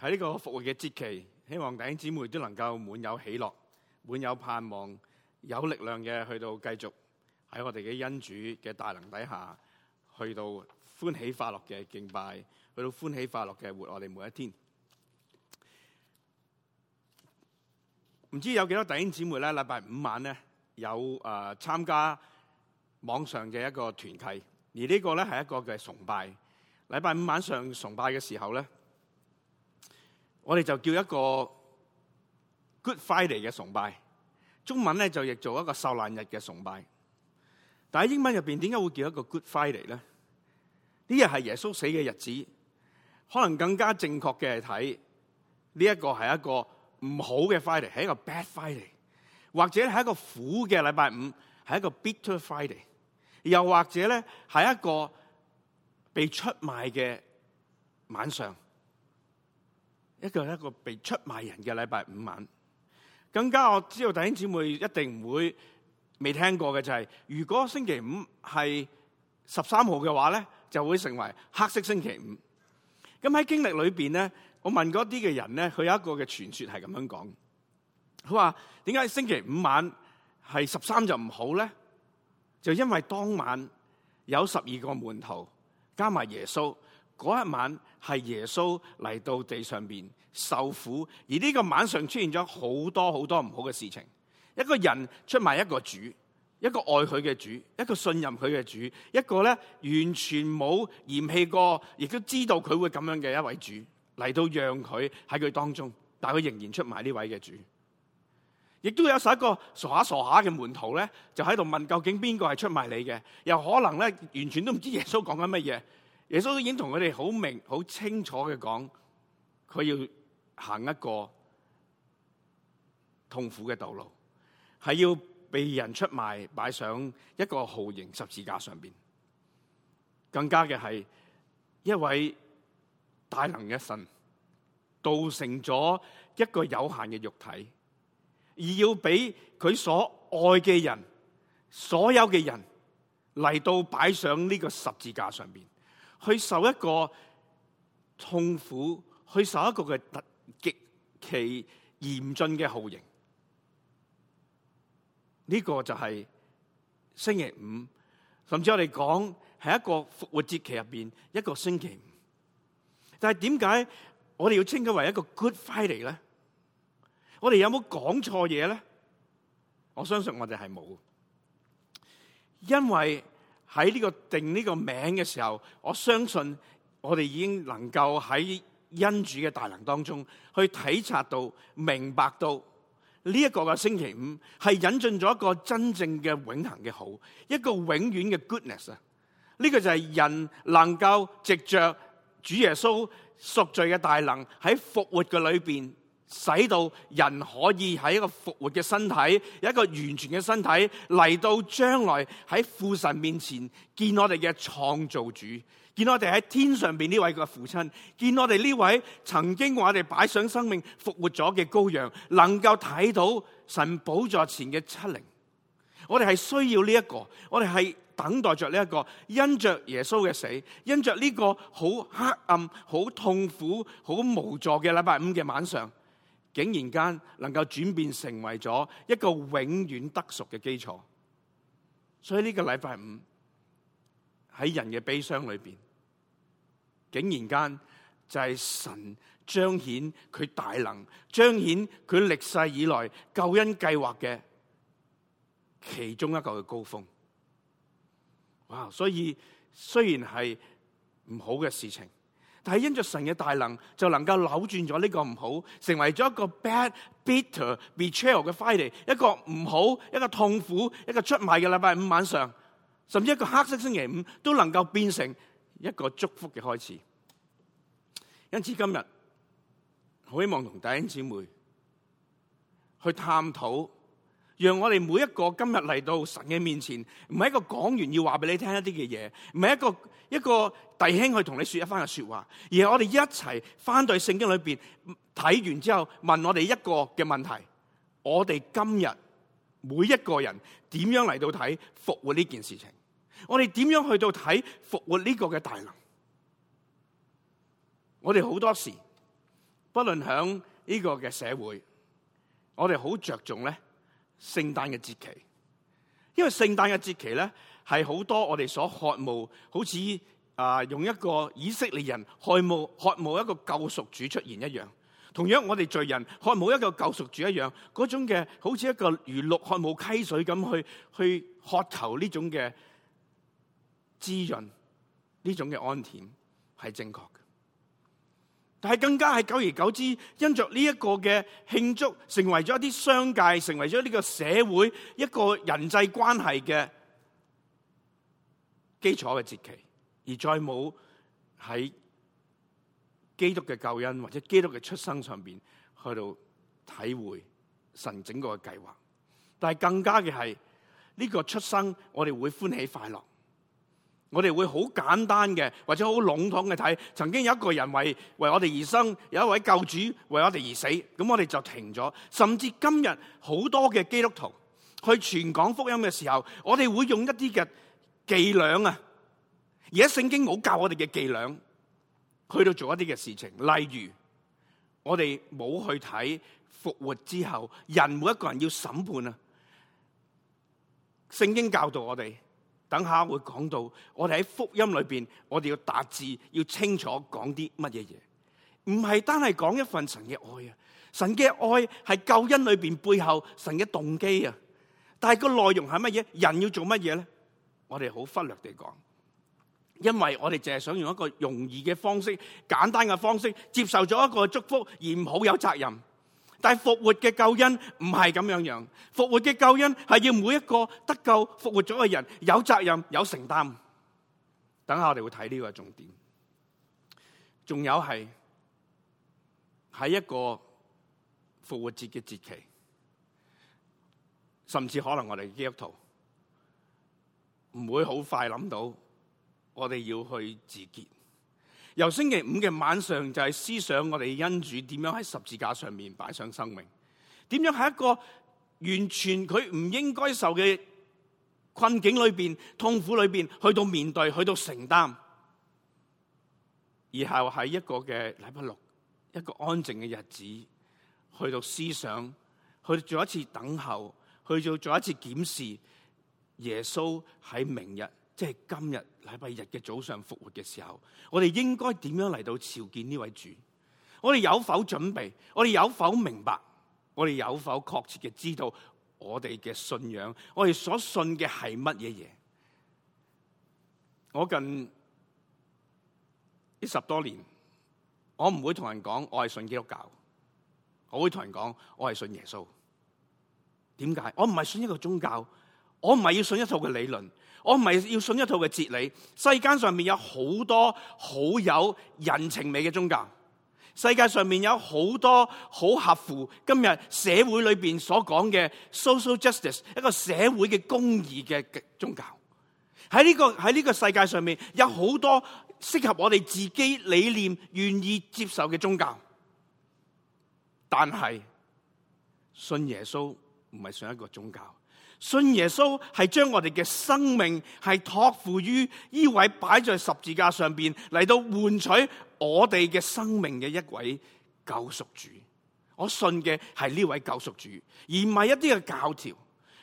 喺呢個復活嘅節期，希望弟兄姊妹都能夠滿有喜樂，滿有盼望，有力量嘅去到繼續喺我哋嘅恩主嘅大能底下，去到歡喜快樂嘅敬拜，去到歡喜快樂嘅活我哋每一天。唔知有幾多弟兄姊妹咧，禮拜五晚咧有誒、呃、參加網上嘅一個團契，而這個呢個咧係一個嘅崇拜。禮拜五晚上崇拜嘅時候咧。我哋就叫一個 Good Friday 嘅崇拜，中文咧就譯做一個受難日嘅崇拜。但喺英文入邊，點解會叫一個 Good Friday 咧？呢日係耶穌死嘅日子，可能更加正確嘅係睇呢一個係一個唔好嘅 Friday，係一個 Bad Friday，或者係一個苦嘅禮拜五，係一個 Bitter Friday，又或者咧係一個被出賣嘅晚上。一個係一個被出賣人嘅禮拜五晚。更加我知道弟兄姊妹一定唔會未聽過嘅就係，如果星期五係十三號嘅話咧，就會成為黑色星期五。咁喺經歷裏面咧，我問嗰啲嘅人咧，佢有一個嘅傳說係咁樣講，佢話，點解星期五晚係十三就唔好咧？就因為當晚有十二個門徒加埋耶穌，嗰一晚係耶穌嚟到地上面，受苦，而呢個晚上出現咗好多好多唔好嘅事情。一個人出賣一個主，一個愛佢嘅主，一個信任佢嘅主，一個咧完全冇嫌棄過，亦都知道佢會咁樣嘅一位主嚟到讓佢喺佢當中，但係佢仍然出賣呢位嘅主。亦都有一個傻下傻下嘅門徒咧，就喺度問究竟邊個係出賣你嘅？又可能咧完全都唔知耶穌講緊乜嘢。耶穌都已經同佢哋好明、好清楚嘅講，佢要。行一個痛苦嘅道路，係要被人出賣，擺上一個酷刑十字架上邊。更加嘅係一位大能嘅神，道成咗一個有限嘅肉體，而要俾佢所愛嘅人，所有嘅人嚟到擺上呢個十字架上邊，去受一個痛苦，去受一個嘅特。其嚴峻嘅號型，呢個就係星期五，甚至我哋講係一個復活節期入邊一個星期五。但係點解我哋要稱佢為一個 good Friday 咧？我哋有冇講錯嘢咧？我相信我哋係冇，因為喺呢個定呢個名嘅時候，我相信我哋已經能夠喺。因主嘅大能當中，去體察到、明白到呢一個嘅星期五，係引進咗一個真正嘅永恒嘅好，一個永遠嘅 goodness 啊！呢個就係人能夠藉着主耶穌贖罪嘅大能，喺復活嘅裏邊，使到人可以喺一個復活嘅身體，有一個完全嘅身體，嚟到將來喺父神面前見我哋嘅創造主。見我哋喺天上邊呢位嘅父親，見我哋呢位曾經為我哋擺上生命復活咗嘅羔羊，能夠睇到神寶座前嘅七靈，我哋係需要呢、這、一個，我哋係等待着呢一個，因着耶穌嘅死，因着呢個好黑暗、好痛苦、好無助嘅禮拜五嘅晚上，竟然間能夠轉變成為咗一個永遠得贖嘅基礎，所以呢個禮拜五。喺人嘅悲傷裏邊，竟然間就係神彰顯佢大能，彰顯佢歷世以來救恩計劃嘅其中一個嘅高峰。哇、wow！所以雖然係唔好嘅事情，但係因着神嘅大能，就能夠扭轉咗呢個唔好，成為咗一個 bad、bitter、betrayal 嘅 Friday，一個唔好、一個痛苦、一個出賣嘅禮拜五晚上。甚至一個黑色星期五都能夠變成一個祝福嘅開始。因此今日，我希望同弟兄姊妹去探討，讓我哋每一個今日嚟到神嘅面前，唔係一個講完要話俾你聽一啲嘅嘢，唔係一個一個弟兄去同你說一番嘅說話，而係我哋一齊翻到聖經裏邊睇完之後，問我哋一個嘅問題：我哋今日每一個人點樣嚟到睇復活呢件事情？我哋點樣去到睇復活呢個嘅大能？我哋好多時，不論響呢個嘅社會，我哋好着重咧聖誕嘅節期，因為聖誕嘅節期咧係好多我哋所渴慕，好似啊用一個以色列人渴慕渴慕一個救贖主出現一樣，同樣我哋罪人渴慕一個救贖主一樣，嗰種嘅好似一個如鹿渴慕溪水咁去去渴求呢種嘅。滋潤呢種嘅安恬係正確嘅，但係更加係久而久之，因着呢一個嘅慶祝，成為咗一啲商界，成為咗呢個社會一個人際關係嘅基礎嘅節期，而再冇喺基督嘅救恩或者基督嘅出生上邊去到體會神整個嘅計劃，但係更加嘅係呢個出生，我哋會歡喜快樂。我哋會好簡單嘅，或者好籠統嘅睇。曾經有一個人為為我哋而生，有一位救主為我哋而死，咁我哋就停咗。甚至今日好多嘅基督徒去全港福音嘅時候，我哋會用一啲嘅伎倆啊！而家聖經冇教我哋嘅伎倆，去到做一啲嘅事情。例如，我哋冇去睇復活之後，人每一個人要審判啊！聖經教導我哋。等下會講到，我哋喺福音裏邊，我哋要達致要清楚講啲乜嘢嘢，唔係單係講一份神嘅愛啊。神嘅愛係救恩裏邊背後神嘅動機啊，但係個內容係乜嘢？人要做乜嘢咧？我哋好忽略地講，因為我哋淨係想用一個容易嘅方式、簡單嘅方式接受咗一個祝福，而唔好有責任。但係復活嘅救恩唔係咁樣樣，復活嘅救恩係要每一個得救復活咗嘅人有責任有承擔。等下我哋會睇呢個重點。仲有係喺一個復活節嘅節期，甚至可能我哋嘅基督徒唔會好快諗到，我哋要去自潔。由星期五嘅晚上就係、是、思想我哋恩主點樣喺十字架上面擺上生命，點樣喺一個完全佢唔應該受嘅困境裏邊、痛苦裏邊去到面對、去到承擔，而後喺一個嘅禮拜六一個安靜嘅日子去到思想，去做一次等候，去做做一次檢視，耶穌喺明日。即係今日禮拜日嘅早上復活嘅時候，我哋應該點樣嚟到朝見呢位主？我哋有否準備？我哋有否明白？我哋有否確切嘅知道我哋嘅信仰？我哋所信嘅係乜嘢嘢？我近呢十多年，我唔會同人講我係信基督教，我會同人講我係信耶穌。點解？我唔係信一個宗教，我唔係要信一套嘅理論。我唔係要信一套嘅哲理，世間上面有好多好有人情味嘅宗教，世界上面有好多好合乎今日社會裏邊所講嘅 social justice，一個社會嘅公義嘅宗教。喺呢個喺呢個世界上面有好多適合我哋自己理念願意接受嘅宗教，但係信耶穌唔係信一個宗教。信耶穌係將我哋嘅生命係託付於呢位擺在十字架上邊嚟到換取我哋嘅生命嘅一位救贖主。我信嘅係呢位救贖主，而唔係一啲嘅教條。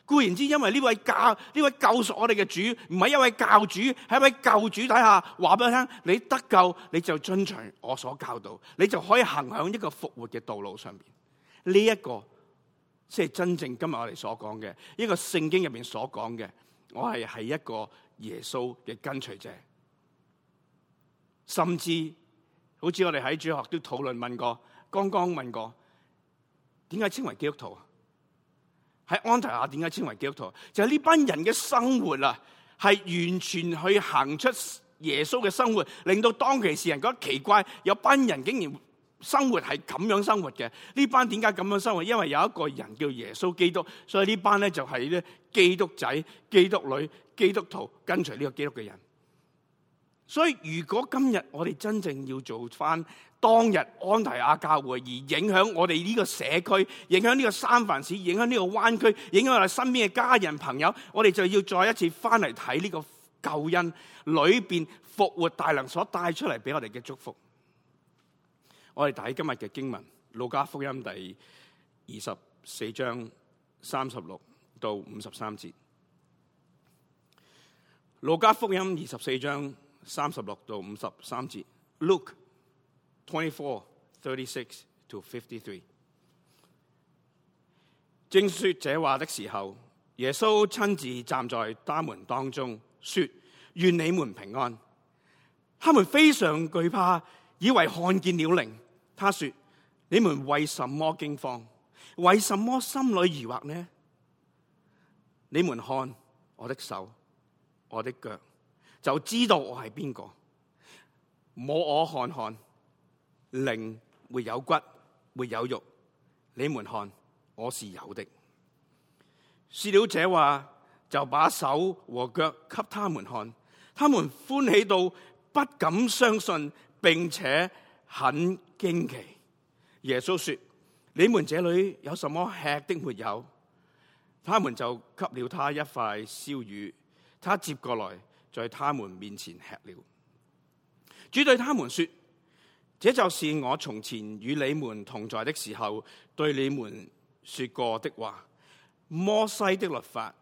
固然之，因為呢位教呢位救贖我哋嘅主，唔係一位教主，喺一位教主底下話俾你聽：你得救，你就遵從我所教導，你就可以行向一個復活嘅道路上邊。呢、這、一個。即係真正今日我哋所講嘅一個聖經入邊所講嘅，我係係一個耶穌嘅跟隨者，甚至好似我哋喺主學都討論問過，剛剛問過，點解稱為基督徒？喺安提阿點解稱為基督徒？就係呢班人嘅生活啊，係完全去行出耶穌嘅生活，令到當其時人覺得奇怪，有班人竟然。生活係咁樣生活嘅，呢班點解咁樣生活？因為有一個人叫耶穌基督，所以呢班咧就係咧基督仔、基督女、基督徒跟隨呢個基督嘅人。所以如果今日我哋真正要做翻當日安提阿教會，而影響我哋呢個社區、影響呢個三藩市、影響呢個灣區、影響我哋身邊嘅家人朋友，我哋就要再一次翻嚟睇呢個救恩裏邊復活大能所帶出嚟俾我哋嘅祝福。我哋睇今日嘅經文《路加福音》第二十四章三十六到五十三節，《路加福音》二十四章三十六到五十三節。Luke twenty four thirty six to fifty three。正說這話的時候，耶穌親自站在他們當中，說：願你們平安。他們非常懼怕，以為看見了靈。他說：你們為什麼驚慌？為什麼心裏疑惑呢？你們看我的手、我的腳，就知道我係邊個。摸我看看，魂冇骨冇肉。你們看，我是有的。說了這話就把手和腳給他們看，他們歡喜到不敢相信，並且很。驚奇，耶穌說：你們這裏有什麼吃的沒有？他們就給了他一塊燒魚，他接過來在他們面前吃了。主對他們說：這就是我從前與你們同在的時候，對你們說過的話。摩西的律法、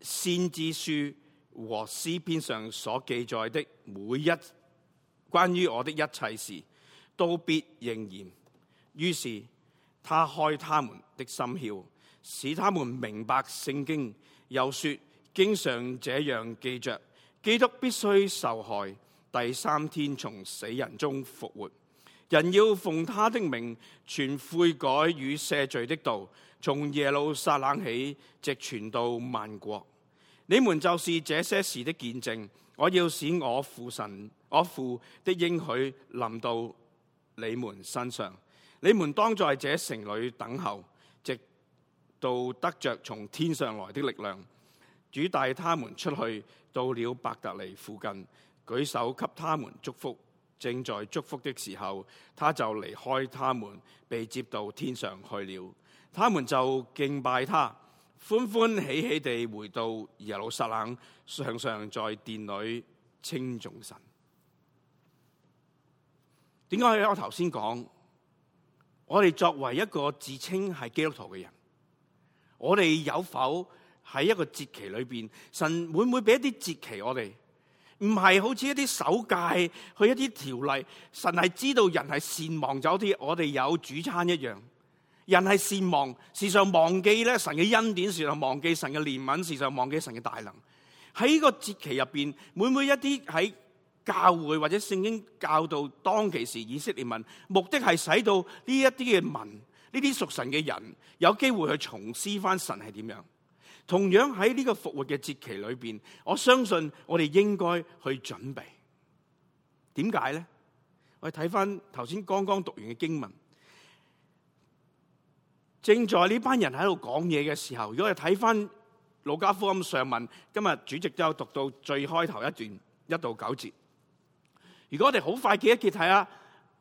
先知書和詩篇上所記載的每一關於我的一切事。都必應驗。於是他開他們的心竅，使他們明白聖經。又說：經常這樣記着，基督必須受害，第三天從死人中復活。人要奉他的名全悔改與赦罪的道，從耶路撒冷起，直傳到萬國。你們就是這些事的見證。我要使我父神，我父的應許臨到。你們身上，你們當在這城裏等候，直到得着從天上來的力量。主帶他們出去，到了伯特利附近，舉手給他們祝福。正在祝福的時候，他就離開他們，被接到天上去了。他們就敬拜他，歡歡喜喜地回到耶路撒冷，常常在殿裏稱頌神。點解？為什麼我頭先講，我哋作為一個自稱係基督徒嘅人，我哋有否喺一個節期裏邊？神會唔會俾一啲節期我哋？唔係好似一啲守戒，去一啲條例。神係知道人係善忘，就好似我哋有主餐一樣。人係善忘，時常忘記咧神嘅恩典，時常忘記神嘅憐憫，時常忘記神嘅大能。喺呢個節期入邊，會唔會一啲喺？教會或者聖經教導當其時以色列民，目的係使到呢一啲嘅民，呢啲屬神嘅人有機會去重思翻神係點樣。同樣喺呢個復活嘅節期裏邊，我相信我哋應該去準備。點解呢？我哋睇翻頭先剛剛讀完嘅經文，正在呢班人喺度講嘢嘅時候，如果我哋睇翻《路加福音》上文，今日主席都有讀到最開頭一段一到九節。如果我哋好快記一記睇下《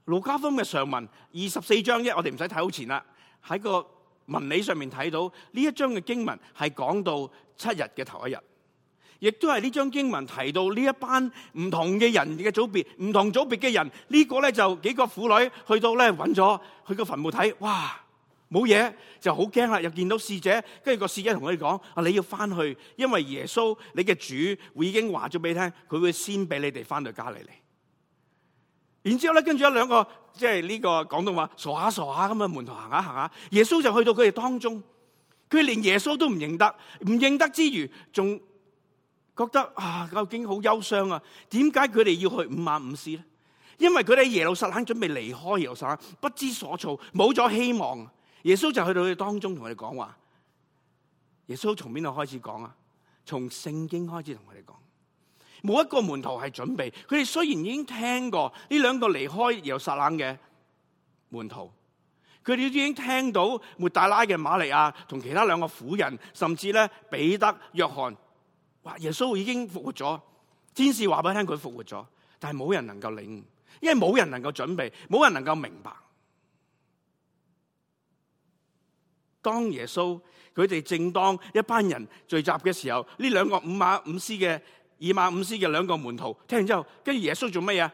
路加福音》嘅上文，二十四章一，我哋唔使睇好前啦。喺個文理上面睇到呢一章嘅經文係講到七日嘅頭一日，亦都係呢章經文提到一的的、這個、呢一班唔同嘅人嘅組別，唔同組別嘅人呢個咧就幾個婦女去到咧揾咗去個墳墓睇，哇冇嘢，就好驚啦！又見到侍者，跟住個侍者同佢哋講：啊，你要翻去，因為耶穌你嘅主會已經話咗俾你聽，佢會先俾你哋翻到家裏嚟。然之後咧，跟住一兩個即係呢、呢個廣東話傻下、啊、傻下、啊、咁啊，門徒行下行下，耶穌就去到佢哋當中，佢連耶穌都唔認得，唔認得之餘，仲覺得啊，究竟好憂傷啊！點解佢哋要去以馬忤斯咧？因為佢哋喺耶路撒冷準備離開耶路撒冷，不知所措，冇咗希望。耶穌就去到佢哋當中，同佢哋講話。耶穌從邊度開始講啊？從聖經開始同佢哋講。冇一個門徒係準備，佢哋雖然已經聽過呢兩個離開耶路撒冷嘅門徒，佢哋已經聽到抹大拉嘅馬利亞同其他兩個婦人，甚至咧彼得、約翰，哇！耶穌已經復活咗，天使話俾佢聽佢復活咗，但係冇人能夠領悟，因為冇人能夠準備，冇人能夠明白。當耶穌佢哋正當一班人聚集嘅時候，呢兩個以馬忤斯嘅。以馬忤斯嘅兩個門徒，聽完之後，跟住耶穌做乜嘢？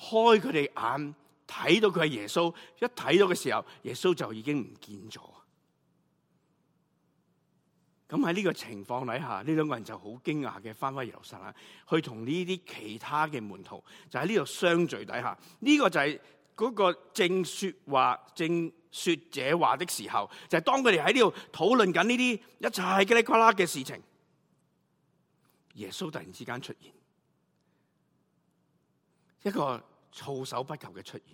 開佢哋眼，睇到佢係耶穌。一睇到嘅時候，耶穌就已經唔見咗。咁喺呢個情況底下，呢兩個人就好驚訝嘅翻翻耶路撒冷，去同呢啲其他嘅門徒，就喺呢度相聚底下。呢、這個就係嗰個正說話、正說這話的時候，就係、是、當佢哋喺呢度討論緊呢啲一齊嘰里呱啦嘅事情。耶穌突然之間出現，一個措手不及嘅出現，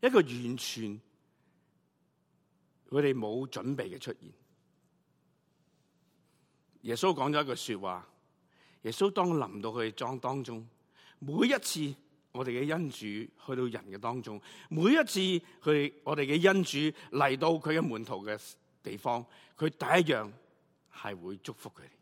一個完全佢哋冇準備嘅出現。耶穌講咗一句說話，耶穌當臨到佢哋莊當中，每一次我哋嘅恩主去到人嘅當中，每一次佢哋我哋嘅恩主嚟到佢嘅門徒嘅地方，佢第一樣係會祝福佢哋。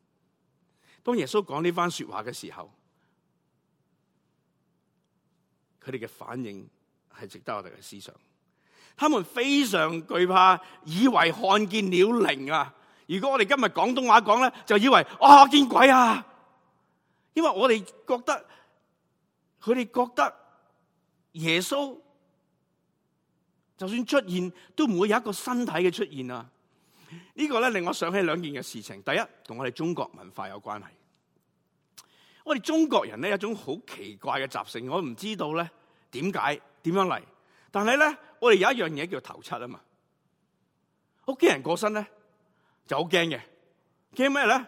當耶穌講呢番說話嘅時候，佢哋嘅反應係值得我哋嘅思想。他們非常懼怕，以為看見了靈啊。如果我哋今日廣東話講咧，就以為啊、哦、我見鬼啊！因為我哋覺得，佢哋覺得耶穌就算出現，都唔會有一個身體嘅出現啊。這個呢個咧，令我想起兩件嘅事情，第一同我哋中國文化有關係。我哋中國人咧，有一種好奇怪嘅習性，我唔知道咧點解點樣嚟，但係咧，我哋有一樣嘢叫頭七啊嘛，屋企人過身咧，就好驚嘅，驚咩咧？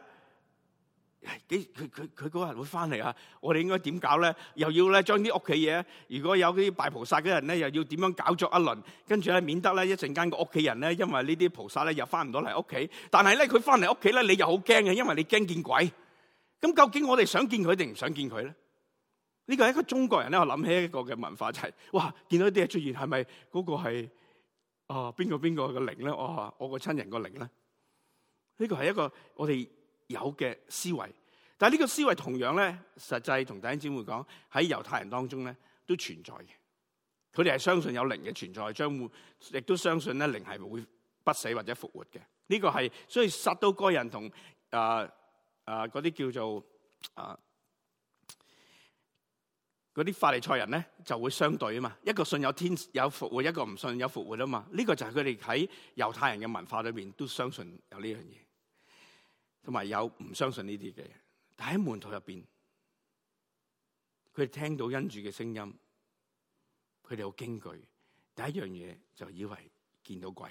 幾佢佢佢嗰日會翻嚟啊！我哋應該點搞咧？又要咧將啲屋企嘢，如果有啲拜菩薩嘅人咧，又要點樣搞作一輪？跟住咧，免得咧一陣間個屋企人咧，因為呢啲菩薩咧又翻唔到嚟屋企。但係咧，佢翻嚟屋企咧，你又好驚啊，因為你驚見鬼。咁究竟我哋想見佢定唔想見佢咧？呢個係一個中國人咧，我諗起一個嘅文化就係：哇，見到啲嘢出現係咪嗰個係啊？邊個邊個個靈咧？哇！我個親人個靈咧？呢個係一個我哋。有嘅思維，但係呢個思維同樣咧，實際同弟兄姊妹講，喺猶太人當中咧都存在嘅。佢哋係相信有靈嘅存在，將會亦都相信咧靈係會不死或者復活嘅。呢、這個係所以殺都該人同誒誒啲叫做啊啲、呃、法利賽人咧就會相對啊嘛，一個信有天有復活，一個唔信有復活啊嘛。呢、這個就係佢哋喺猶太人嘅文化裏邊都相信有呢樣嘢。同埋有唔相信呢啲嘅，但喺門徒入邊，佢哋聽到恩主嘅聲音，佢哋好驚懼。第一樣嘢就以為見到鬼。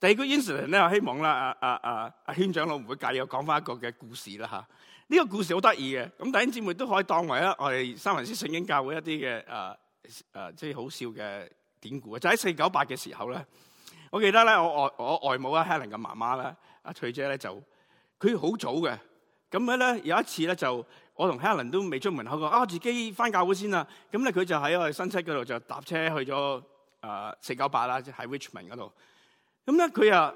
第二個恩主咧，我希望啦，阿阿阿阿軒長老唔會介意，我講翻一個嘅故事啦吓。呢個故事好得意嘅，咁弟兄姊妹都可以當為啊，我哋三文師聖經教會一啲嘅啊啊，即、啊、係、就是、好笑嘅典故。就喺四九八嘅時候咧，我記得咧，我外我，我外母阿 Helen 嘅媽媽咧，阿、啊、翠姐咧就。佢好早嘅，咁樣咧有一次咧就我同 Helen 都未出門口過，講啊我自己翻教會先啦。咁咧佢就喺我哋新車嗰度就搭車去咗啊四九八啦，喺 Richmond 嗰度。咁咧佢啊，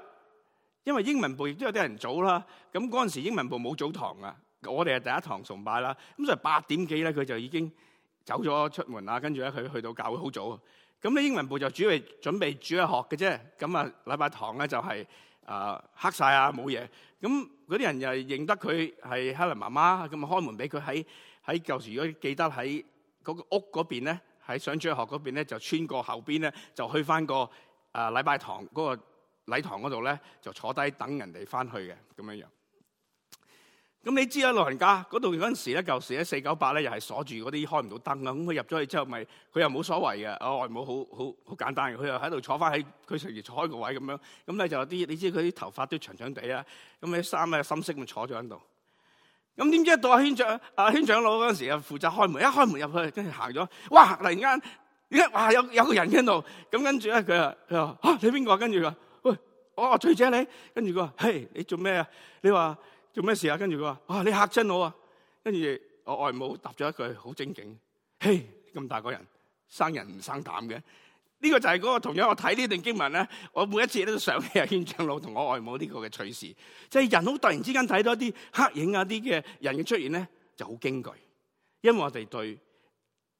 因為英文部亦都有啲人早啦。咁嗰陣時英文部冇早堂啊，我哋係第一堂崇拜啦。咁所以八點幾咧佢就已經走咗出門啦。跟住咧佢去到教會好早。咁咧英文部就主要係準備主日學嘅啫。咁啊禮拜堂咧就係、是。啊、呃、黑晒啊冇嘢，咁嗰啲人又認得佢係 Helen 媽媽，咁啊開門俾佢喺喺舊時如果記得喺嗰個屋嗰邊咧，喺上主學嗰邊咧就穿過後邊咧就去翻個啊禮、呃、拜堂嗰、嗰個禮堂嗰度咧就坐低等人哋翻去嘅咁樣樣。咁你知啦，老人家嗰度嗰陣時咧，舊時咧四九八咧，又係鎖住嗰啲開唔到燈噶。咁佢入咗去之後，咪佢又冇所謂嘅。啊外母好好好簡單嘅，佢又喺度坐翻喺佢成日坐開個位咁樣。咁咧就有啲你知佢啲頭髮都長長地啦。咁啲衫咧深色咁坐咗喺度。咁點知一到阿軒長阿軒長老嗰陣時啊，負責開門一開門入去，跟住行咗。哇！突然間，咦？哇！有有個人喺度。咁跟住咧，佢話佢話你邊個？跟住佢、啊啊、喂，我翠姐你。跟住佢話嘿，你做咩啊？你話。做咩事說啊？跟住佢話：哇！你嚇親我啊！跟住我外母答咗一句好精警：嘿，咁大個人，生人唔生膽嘅。呢、這個就係嗰、那個同樣。我睇呢段經文咧，我每一次咧都想起阿孫長老同我外母呢個嘅趣事。即、就、係、是、人好突然之間睇到一啲黑影啊，啲嘅人嘅出現咧，就好驚懼。因為我哋對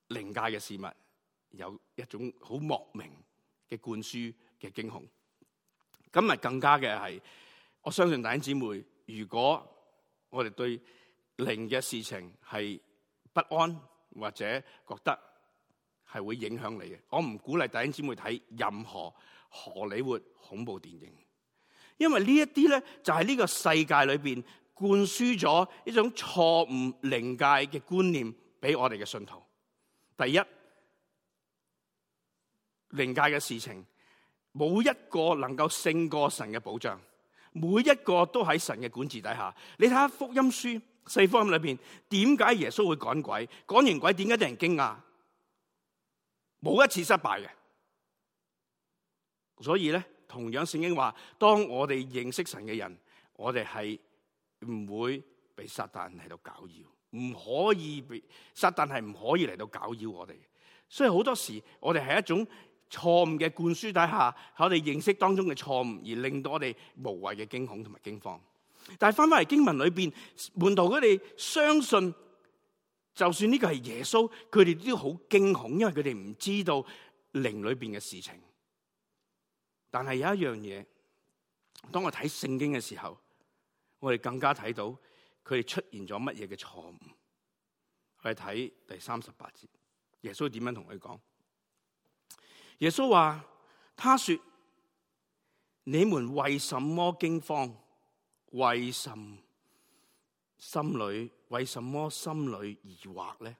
靈界嘅事物有一種好莫名嘅灌輸嘅驚恐。今日更加嘅係，我相信弟兄姊妹。如果我哋對靈嘅事情係不安或者覺得係會影響你嘅，我唔鼓勵弟兄姐妹睇任何荷里活恐怖電影，因為這些呢一啲咧就係、是、呢個世界裏邊灌輸咗一種錯誤靈界嘅觀念俾我哋嘅信徒。第一，靈界嘅事情冇一個能夠勝過神嘅保障。每一個都喺神嘅管治底下，你睇下福音書，四福音裏邊，點解耶穌會趕鬼？趕完鬼點解令人驚訝？冇一次失敗嘅。所以咧，同樣聖經話：當我哋認識神嘅人，我哋係唔會俾撒旦喺度攪擾，唔可以俾撒旦係唔可以嚟到攪擾我哋。所以好多時，我哋係一種。錯誤嘅灌輸底下，喺我哋認識當中嘅錯誤，而令到我哋無謂嘅驚恐同埋驚慌。但係翻翻嚟經文裏邊，門徒佢哋相信，就算呢個係耶穌，佢哋都好驚恐，因為佢哋唔知道靈裏邊嘅事情。但係有一樣嘢，當我睇聖經嘅時候，我哋更加睇到佢哋出現咗乜嘢嘅錯誤。我哋睇第三十八節，耶穌點樣同佢講？耶穌話：他說，你們為什麼驚慌？為什麼心裏為什麼心裏疑惑咧？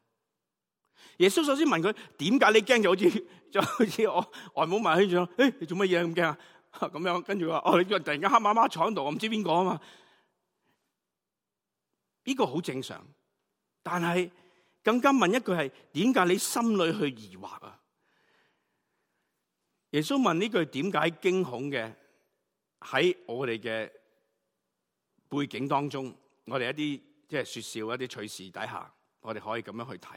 耶穌首先問佢：點解你驚？就好似就好似我外母問佢咁，誒、哎，你做乜嘢咁驚啊？咁樣跟住話：哦，你叫人突然間黑麻麻坐喺度，我唔知邊個啊嘛。呢個好正常，但係更加問一句係：點解你心裏去疑惑啊？耶穌問呢句點解驚恐嘅？喺我哋嘅背景當中，我哋一啲即係說笑一啲趣事底下，我哋可以咁樣去睇。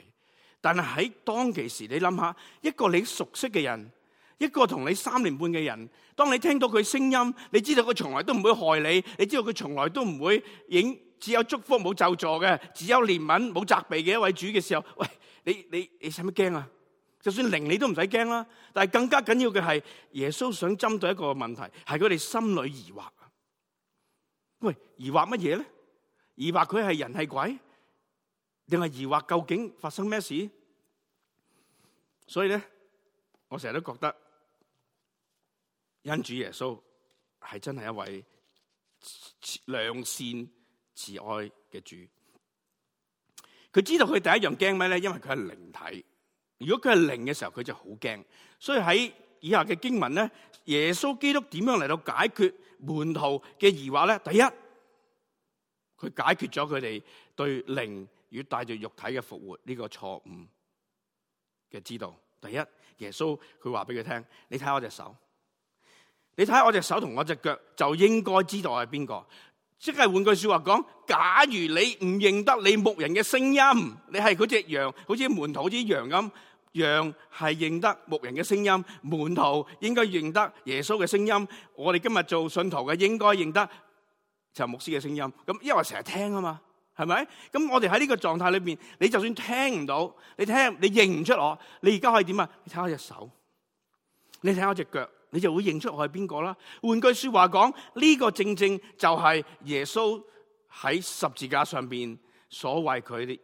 但係喺當其時，你諗下一個你熟悉嘅人，一個同你三年半嘅人，當你聽到佢聲音，你知道佢從來都唔會害你，你知道佢從來都唔會影，只有祝福冇咒詛嘅，只有憐憫冇責備嘅一位主嘅時候，喂，你你你使乜驚啊？就算靈你都唔使驚啦，但係更加緊要嘅係耶穌想針對一個問題，係佢哋心裏疑惑啊！喂，疑惑乜嘢咧？疑惑佢係人係鬼，定係疑惑究竟發生咩事？所以咧，我成日都覺得恩主耶穌係真係一位良善慈愛嘅主。佢知道佢第一樣驚咩咧？因為佢係靈體。如果佢係靈嘅時候，佢就好驚，所以喺以下嘅經文咧，耶穌基督點樣嚟到解決門徒嘅疑惑咧？第一，佢解決咗佢哋對靈與帶住肉體嘅復活呢個錯誤嘅知道。第一，耶穌佢話俾佢聽：你睇下我隻手，你睇下我隻手同我隻腳，就應該知道我係邊個。即係換句説話講，假如你唔認得你牧人嘅聲音，你係嗰隻羊，好似門徒好似羊咁，羊係認得牧人嘅聲音；門徒應該認得耶穌嘅聲音。我哋今日做信徒嘅應該認得就係牧師嘅聲音。咁因為我成日聽啊嘛，係咪？咁我哋喺呢個狀態裏邊，你就算聽唔到，你聽你認唔出我，你而家可以點啊？你睇下隻手，你睇下隻腳。你就會認出我係邊個啦。換句說話講，呢個正正就係耶穌喺十字架上邊所謂佢哋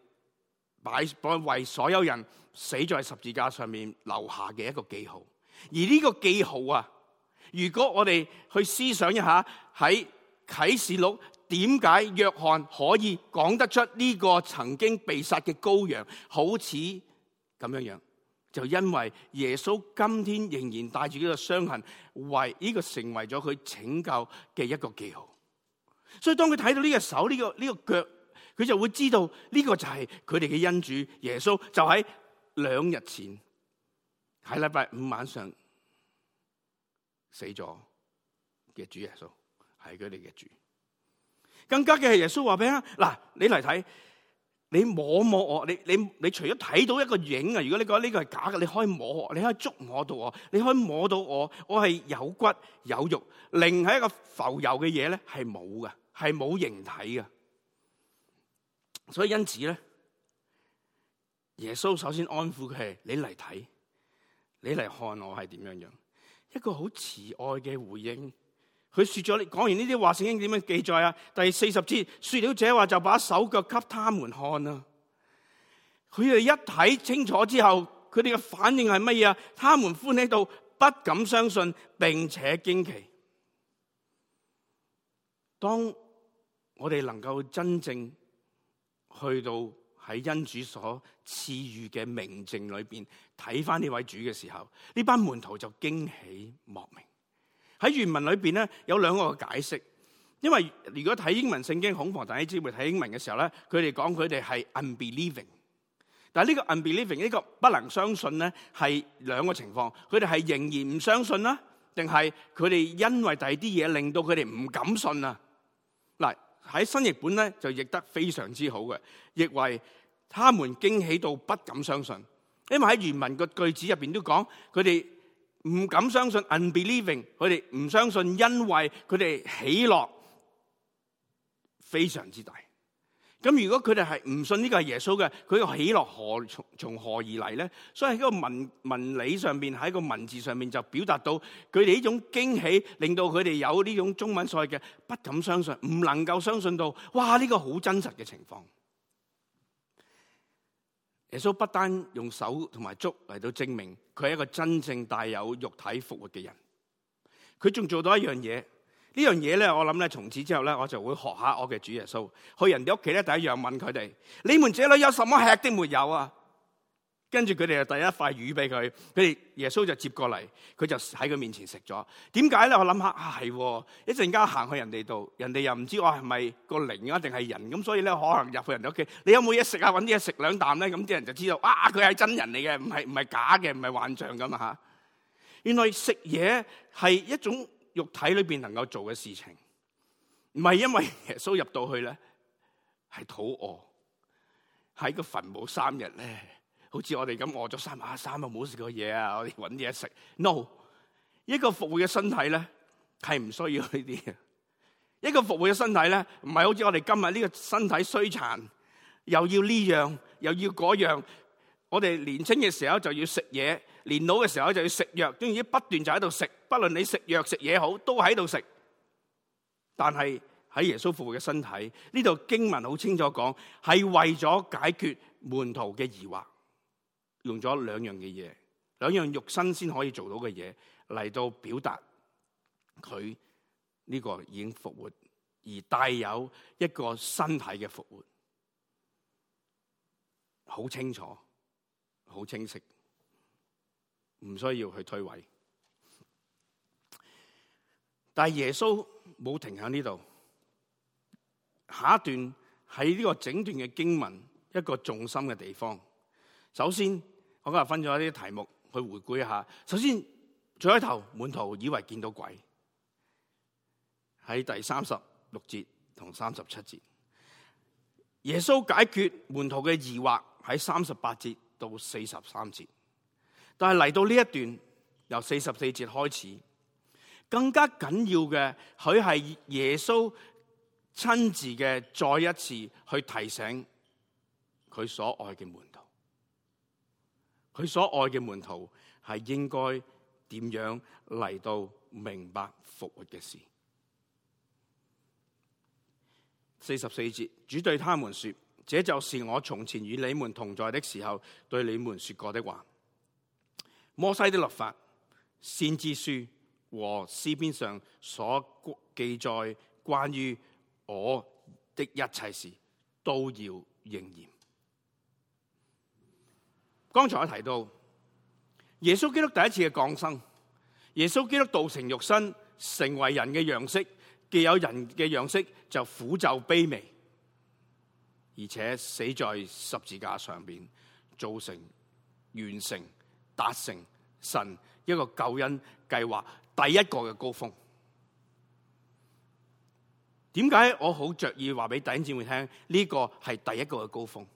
擺為所有人死在十字架上面留下嘅一個記號。而呢個記號啊，如果我哋去思想一下喺啟示錄，點解約翰可以講得出呢個曾經被殺嘅羔羊好似咁樣樣？就因為耶穌今天仍然帶住呢個傷痕，為呢個成為咗佢拯救嘅一個記號。所以當佢睇到呢隻手、呢個呢個腳，佢就會知道呢個就係佢哋嘅恩主耶穌。就喺兩日前，喺禮拜五晚上死咗嘅主耶穌，係佢哋嘅主。更加嘅係耶穌話俾佢：，嗱，你嚟睇。你摸摸我，你你你除咗睇到一個影啊？如果你覺得呢個係假嘅，你可以摸我，你可以捉摸到我，你可以摸到我，我係有骨有肉，另係一個浮游嘅嘢咧係冇嘅，係冇形體嘅。所以因此咧，耶穌首先安撫佢係：你嚟睇，你嚟看我係點樣樣，一個好慈愛嘅回應。佢說咗你講完呢啲話，聖經點樣記載啊？第四十節，說了這話，就把手腳給他們看啊。佢哋一睇清楚之後，佢哋嘅反應係乜嘢啊？他們歡喜到不敢相信，並且驚奇。當我哋能夠真正去到喺恩主所賜予嘅明證裏邊睇翻呢位主嘅時候，呢班門徒就驚喜莫名。喺原文裏邊咧有兩個解釋，因為如果睇英文聖經恐防，但你知會睇英文嘅時候咧，佢哋講佢哋係 unbelieving，但係呢個 unbelieving 呢個不能相信咧係兩個情況，佢哋係仍然唔相信啦，定係佢哋因為第二啲嘢令到佢哋唔敢信啊？嗱喺新譯本咧就譯得非常之好嘅，譯為他們驚喜到不敢相信，因為喺原文個句子入邊都講佢哋。唔敢相信，unbelieving，佢哋唔相信，因為佢哋喜樂非常之大。咁如果佢哋係唔信呢個係耶穌嘅，佢嘅喜樂何從從何而嚟咧？所以喺個文文理上面，喺個文字上面就表達到佢哋呢種驚喜，令到佢哋有呢種中文所謂嘅不敢相信，唔能夠相信到，哇！呢個好真實嘅情況。耶穌不單用手和足來證明他是一個真正帶有肉體復活的人，他還做到一樣東西，這樣東西我想從此之後我就會學下我的主耶穌，去人家屋企第一樣問他們，你們這裏有什麼吃的沒有啊？跟住佢哋就遞一塊魚俾佢，佢哋耶穌就接過嚟，佢就喺佢面前食咗。點解咧？我諗下係、啊、一陣間行去人哋度，人哋又唔知我係咪個靈啊，定係人咁，所以咧可能入去人哋屋企，你有冇嘢食啊？搵啲嘢食兩啖咧，咁、嗯、啲人就知道，啊，佢係真人嚟嘅，唔係唔係假嘅，唔係幻象咁啊吓！原來食嘢係一種肉體裏邊能夠做嘅事情，唔係因為耶穌入到去咧係肚餓，喺個墳墓三日咧。好似我哋咁餓咗三啊三啊，冇食過嘢啊，我哋揾嘢食。No，一個復活嘅身體咧係唔需要呢啲嘅。一個復活嘅身體咧，唔係好似我哋今日呢、這個身體衰殘，又要呢樣又要嗰樣。我哋年輕嘅時候就要食嘢，年老嘅時候就要食藥，總然之不斷就喺度食，不論你食藥食嘢好，都喺度食。但係喺耶穌復活嘅身體呢度經文好清楚講，係為咗解決門徒嘅疑惑。用咗兩樣嘅嘢，兩樣肉身先可以做到嘅嘢嚟到表達佢呢個已經復活，而帶有一個身體嘅復活，好清楚，好清晰，唔需要去推諉。但係耶穌冇停喺呢度，下一段係呢個整段嘅經文一個重心嘅地方。首先，我今日分咗一啲題目去回顧一下。首先，最開頭門徒以為見到鬼，喺第三十六節同三十七節。耶穌解決門徒嘅疑惑喺三十八節到四十三節。但係嚟到呢一段，由四十四節開始，更加緊要嘅佢係耶穌親自嘅再一次去提醒佢所愛嘅門。佢所愛嘅門徒係應該點樣嚟到明白復活嘅事？四十四節，主對他們說：這就是我從前與你們同在的時候對你們說過的話。摩西的律法、先知書和詩篇上所記載關於我的一切事，都要應驗。剛才我提到耶穌基督第一次嘅降生，耶穌基督道成肉身，成為人嘅樣式，既有人嘅樣式，就苦咒卑微，而且死在十字架上面，造成、完成、達成神一個救恩計劃第一個嘅高峰。點解我好着意話俾弟兄姊妹聽？呢、這個係第一個嘅高峰。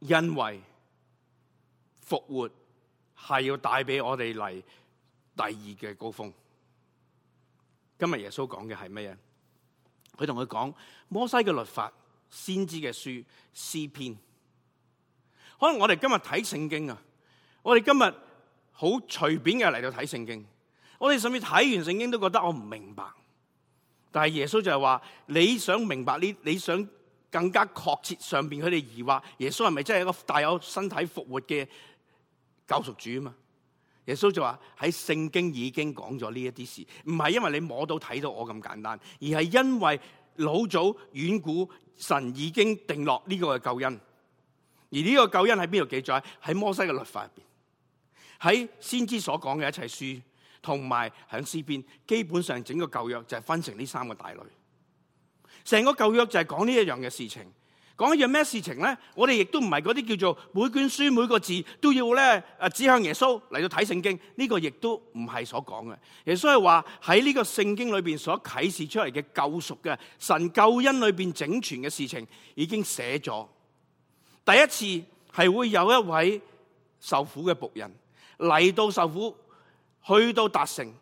因為復活係要帶俾我哋嚟，第二嘅高峰。今日耶穌講嘅係乜嘢？佢同佢講摩西嘅律法、先知嘅書、詩篇。可能我哋今日睇聖經啊，我哋今日好隨便嘅嚟到睇聖經，我哋甚至睇完聖經都覺得我唔明白。但係耶穌就係話，你想明白呢？你想？更加確切上邊佢哋疑惑耶穌係咪真係一個帶有身體復活嘅救贖主啊嘛？耶穌就話喺聖經已經講咗呢一啲事，唔係因為你摸到睇到我咁簡單，而係因為老祖遠古神已經定落呢個嘅救恩，而呢個救恩喺邊度記載？喺摩西嘅律法入邊，喺先知所講嘅一切書，同埋響詩篇，基本上整個舊約就係分成呢三個大類。成個舊約就係講呢一樣嘅事情，講一樣咩事情咧？我哋亦都唔係嗰啲叫做每卷書每個字都要咧誒指向耶穌嚟到睇聖經，呢個亦都唔係所講嘅。耶穌係話喺呢個聖經裏邊所啟示出嚟嘅救贖嘅神救恩裏邊整全嘅事情已經寫咗。第一次係會有一位受苦嘅僕人嚟到受苦，去到達成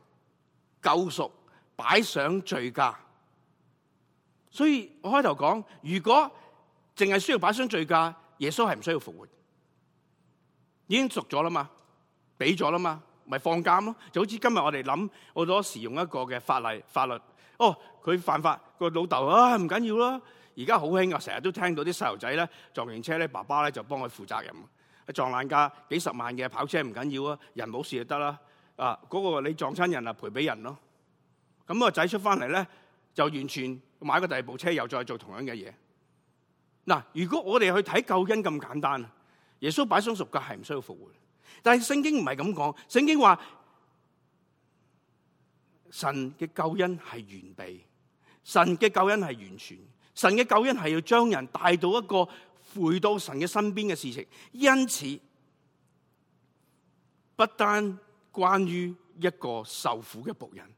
救贖，擺上罪價。所以我開頭講，如果淨係需要擺上罪價，耶穌係唔需要復活，已經贖咗啦嘛，俾咗啦嘛，咪放監咯。就好似今日我哋諗，我哋時時用一個嘅法例法律。哦，佢犯法，個老豆啊，唔緊要咯。而家好興啊，成日都聽到啲細路仔咧撞完車咧，爸爸咧就幫佢負責任。撞爛架幾十萬嘅跑車唔緊要啊，人冇事就得啦。啊，嗰個你撞親人啊，賠俾人咯。咁個仔出翻嚟咧。就完全買個第二部車，又再做同樣嘅嘢。嗱，如果我哋去睇救恩咁簡單，耶穌擺上贖價係唔需要復活。但係聖經唔係咁講，聖經話神嘅救恩係完備，神嘅救恩係完全，神嘅救恩係要將人帶到一個回到神嘅身邊嘅事情。因此，不單關於一個受苦嘅僕人。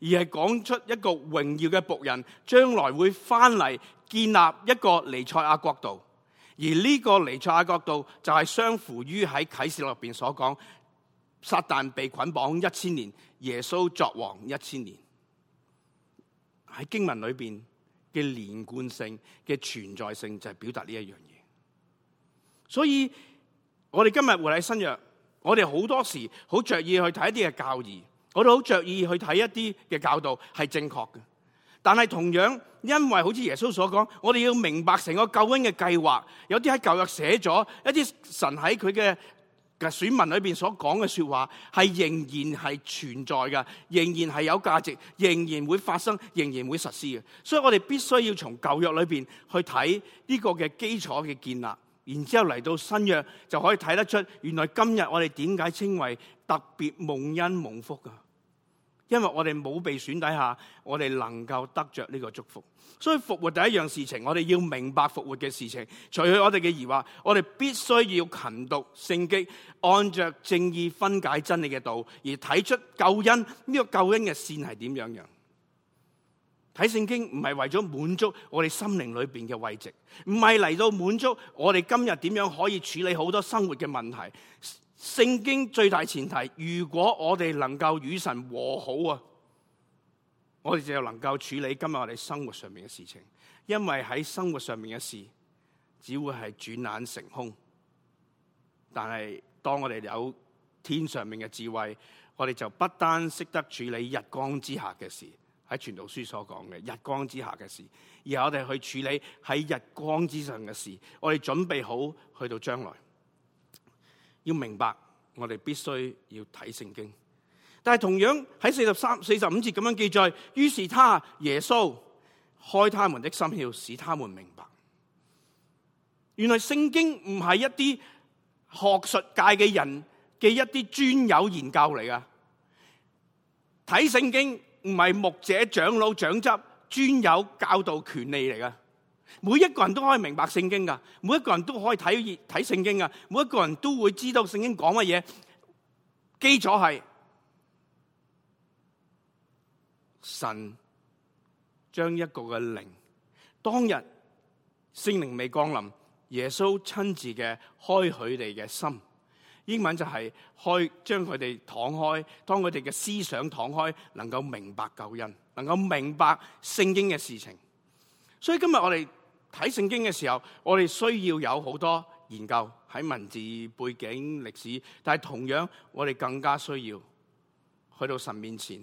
而係講出一個榮耀嘅僕人，將來會翻嚟建立一個彌賽亞國度，而呢個彌賽亞國度就係相符於喺啟示錄入邊所講，撒旦被捆綁一千年，耶穌作王一千年。喺經文裏邊嘅連貫性嘅存在性就係表達呢一樣嘢。所以我哋今日活喺新約，我哋好多時好着意去睇一啲嘅教義。我都好着意去睇一啲嘅教導係正確嘅，但係同樣因為好似耶穌所講，我哋要明白成個救恩嘅計劃。有啲喺舊約寫咗，一啲神喺佢嘅嘅選民裏邊所講嘅說話，係仍然係存在嘅，仍然係有價值，仍然會發生，仍然會實施嘅。所以我哋必須要從舊約裏邊去睇呢個嘅基礎嘅建立。然之後嚟到新約，就可以睇得出，原來今日我哋點解稱為特別蒙恩蒙福噶？因為我哋冇被選底下，我哋能夠得着呢個祝福。所以復活第一樣事情，我哋要明白復活嘅事情，除去我哋嘅疑惑，我哋必須要勤讀聖經，按着正義分解真理嘅道，而睇出救恩呢個救恩嘅線係點樣樣？喺聖經唔係為咗滿足我哋心靈裏邊嘅慰藉，唔係嚟到滿足我哋今日點樣可以處理好多生活嘅問題。聖經最大前提，如果我哋能夠與神和好啊，我哋就能夠處理今日我哋生活上面嘅事情。因為喺生活上面嘅事，只會係轉眼成空。但係當我哋有天上面嘅智慧，我哋就不單識得處理日光之下嘅事。喺傳道書所講嘅日光之下嘅事，而我哋去處理喺日光之上嘅事，我哋準備好去到將來。要明白，我哋必須要睇聖經。但係同樣喺四十三、四十五節咁樣記載，於是他耶穌開他們的心竅，使他們明白，原來聖經唔係一啲學術界嘅人嘅一啲專有研究嚟噶，睇聖經。唔係牧者長老長執專有教導權利嚟噶每一個人都可以明白聖經噶每一個人都可以睇睇聖經噶每一個人都會知道聖經講乜嘢。基礎係神將一個嘅靈，當日聖靈未降臨，耶穌親自嘅開佢哋嘅心。英文就係開，將佢哋敞開，當佢哋嘅思想敞開，能夠明白救恩，能夠明白聖經嘅事情。所以今日我哋睇聖經嘅時候，我哋需要有好多研究喺文字背景、歷史，但係同樣我哋更加需要去到神面前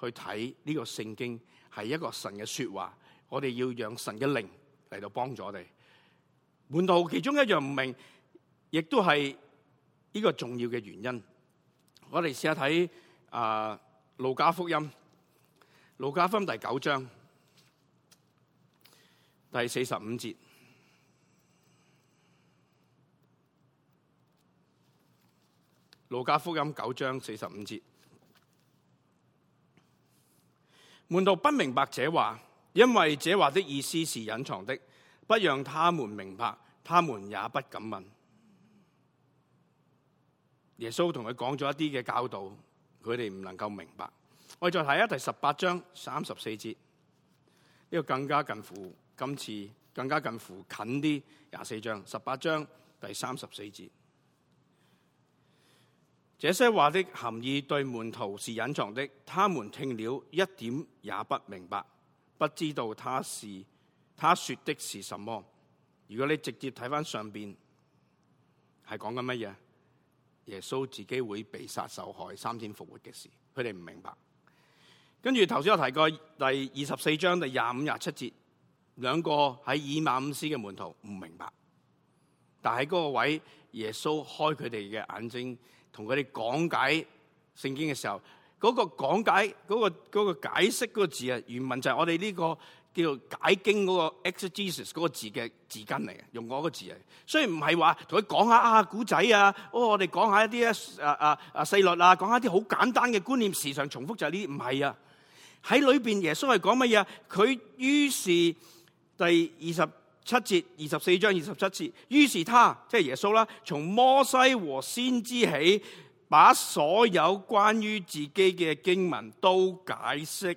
去睇呢個聖經係一個神嘅說話。我哋要讓神嘅靈嚟到幫助我哋。門徒其中一樣唔明，亦都係。呢個重要嘅原因，我哋試下睇啊、呃、《路加福音》路加福音，第九章第四十五節，《路加福音》九章四十五節，門徒不明白這話，因為這話的意思是隱藏的，不讓他們明白，他們也不敢問。耶穌同佢講咗一啲嘅教導，佢哋唔能夠明白。我哋再睇下第十八章三十四節，呢個更加近乎今次，更加近乎近啲廿四章十八章第三十四節。這些話的含義對門徒是隱藏的，他們聽了一點也不明白，不知道他是他說的是什麼。如果你直接睇翻上邊，係講緊乜嘢？耶穌自己會被殺受害，三天復活嘅事，佢哋唔明白。跟住頭先我提過第二十四章第廿五、廿七節，兩個喺以馬忤斯嘅門徒唔明白，但喺嗰個位耶穌開佢哋嘅眼睛，同佢哋講解聖經嘅時候，嗰、嗰個講解嗰、嗰個、嗰個解釋嗰個字啊，原文就係我哋呢、呢個。叫做解經嗰個 exegesis 嗰個字嘅字根嚟嘅，用我個字嚟嘅，所以唔係話同佢講下啊古仔啊，哦我哋講下一啲啊啊啊細律啊，講下一啲好簡單嘅觀念，時常重複就係呢啲，唔係啊。喺裏邊耶穌係講乜嘢？佢於是，於是第二十七節，二十四章二十七節，於是他即係、就是、耶穌啦，從摩西和先知起，把所有關於自己嘅經文都解釋。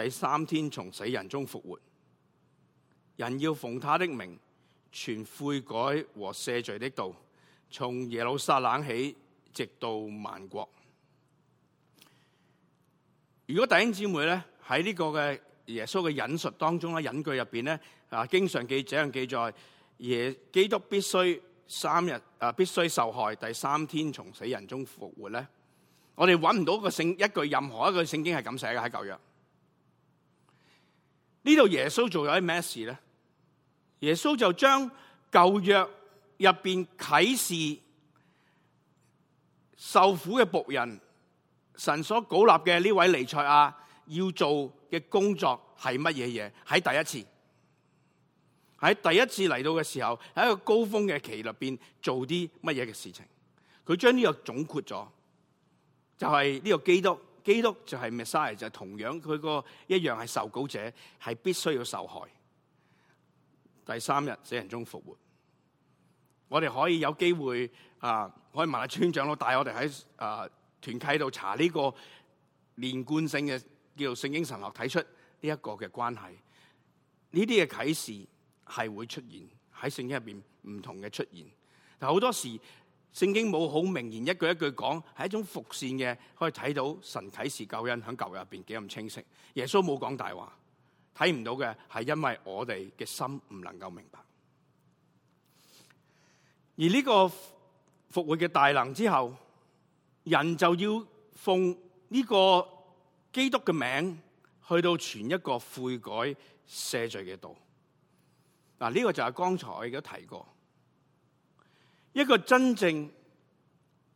第三天從死人中復活，人要奉他的名傳悔改和赦罪的道，從耶路撒冷起，直到萬國。如果弟兄姊妹咧喺呢個嘅耶穌嘅引述當中咧，引句入邊咧啊，經常記這樣記載，耶基督必須三日啊，必須受害，第三天從死人中復活咧。我哋揾唔到一個聖一,一句，任何一句聖經係咁寫嘅喺舊約。呢度耶穌做咗啲咩事咧？耶穌就將舊約入邊啟示受苦嘅僕人，神所膏立嘅呢位彌賽亞要做嘅工作係乜嘢嘢？喺第一次，喺第一次嚟到嘅時候，喺一個高峰嘅期入邊做啲乜嘢嘅事情？佢將呢個總括咗，就係呢個基督。基督就係 Messiah，就同樣佢個一樣係受苦者，係必須要受害。第三日死人中復活，我哋可以有機會啊！我哋麻甩村長老帶我哋喺啊團契度查呢個連貫性嘅叫做聖經神學，睇出呢一個嘅關係。呢啲嘅啟示係會出現喺聖經入邊唔同嘅出現，但好多時。聖經冇好明言，一句一句講，係一種伏線嘅，可以睇到神啟示救恩喺舊約入邊幾咁清晰。耶穌冇講大話，睇唔到嘅係因為我哋嘅心唔能夠明白。而呢個復活嘅大能之後，人就要奉呢個基督嘅名，去到傳一個悔改、赦罪嘅道。嗱，呢個就係剛才我亦都提過。一個真正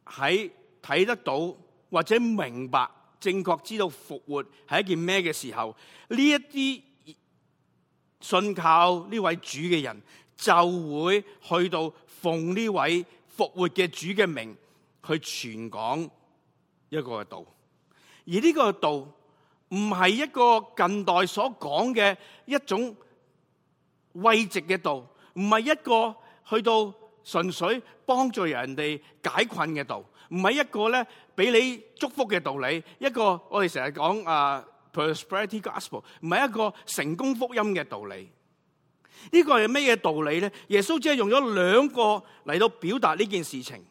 喺睇得到或者明白、正確知道復活係一件咩嘅時候，呢一啲信靠呢位主嘅人就會去到奉呢位復活嘅主嘅名去傳講一個嘅道。而呢個道唔係一個近代所講嘅一種慰藉嘅道，唔係一個去到。純粹幫助人哋解困嘅道，唔係一個咧俾你祝福嘅道理，一個我哋成日講啊 prosperity gospel，唔係一個成功福音嘅道理。呢個係咩嘢道理咧？耶穌只係用咗兩個嚟到表達呢件事情，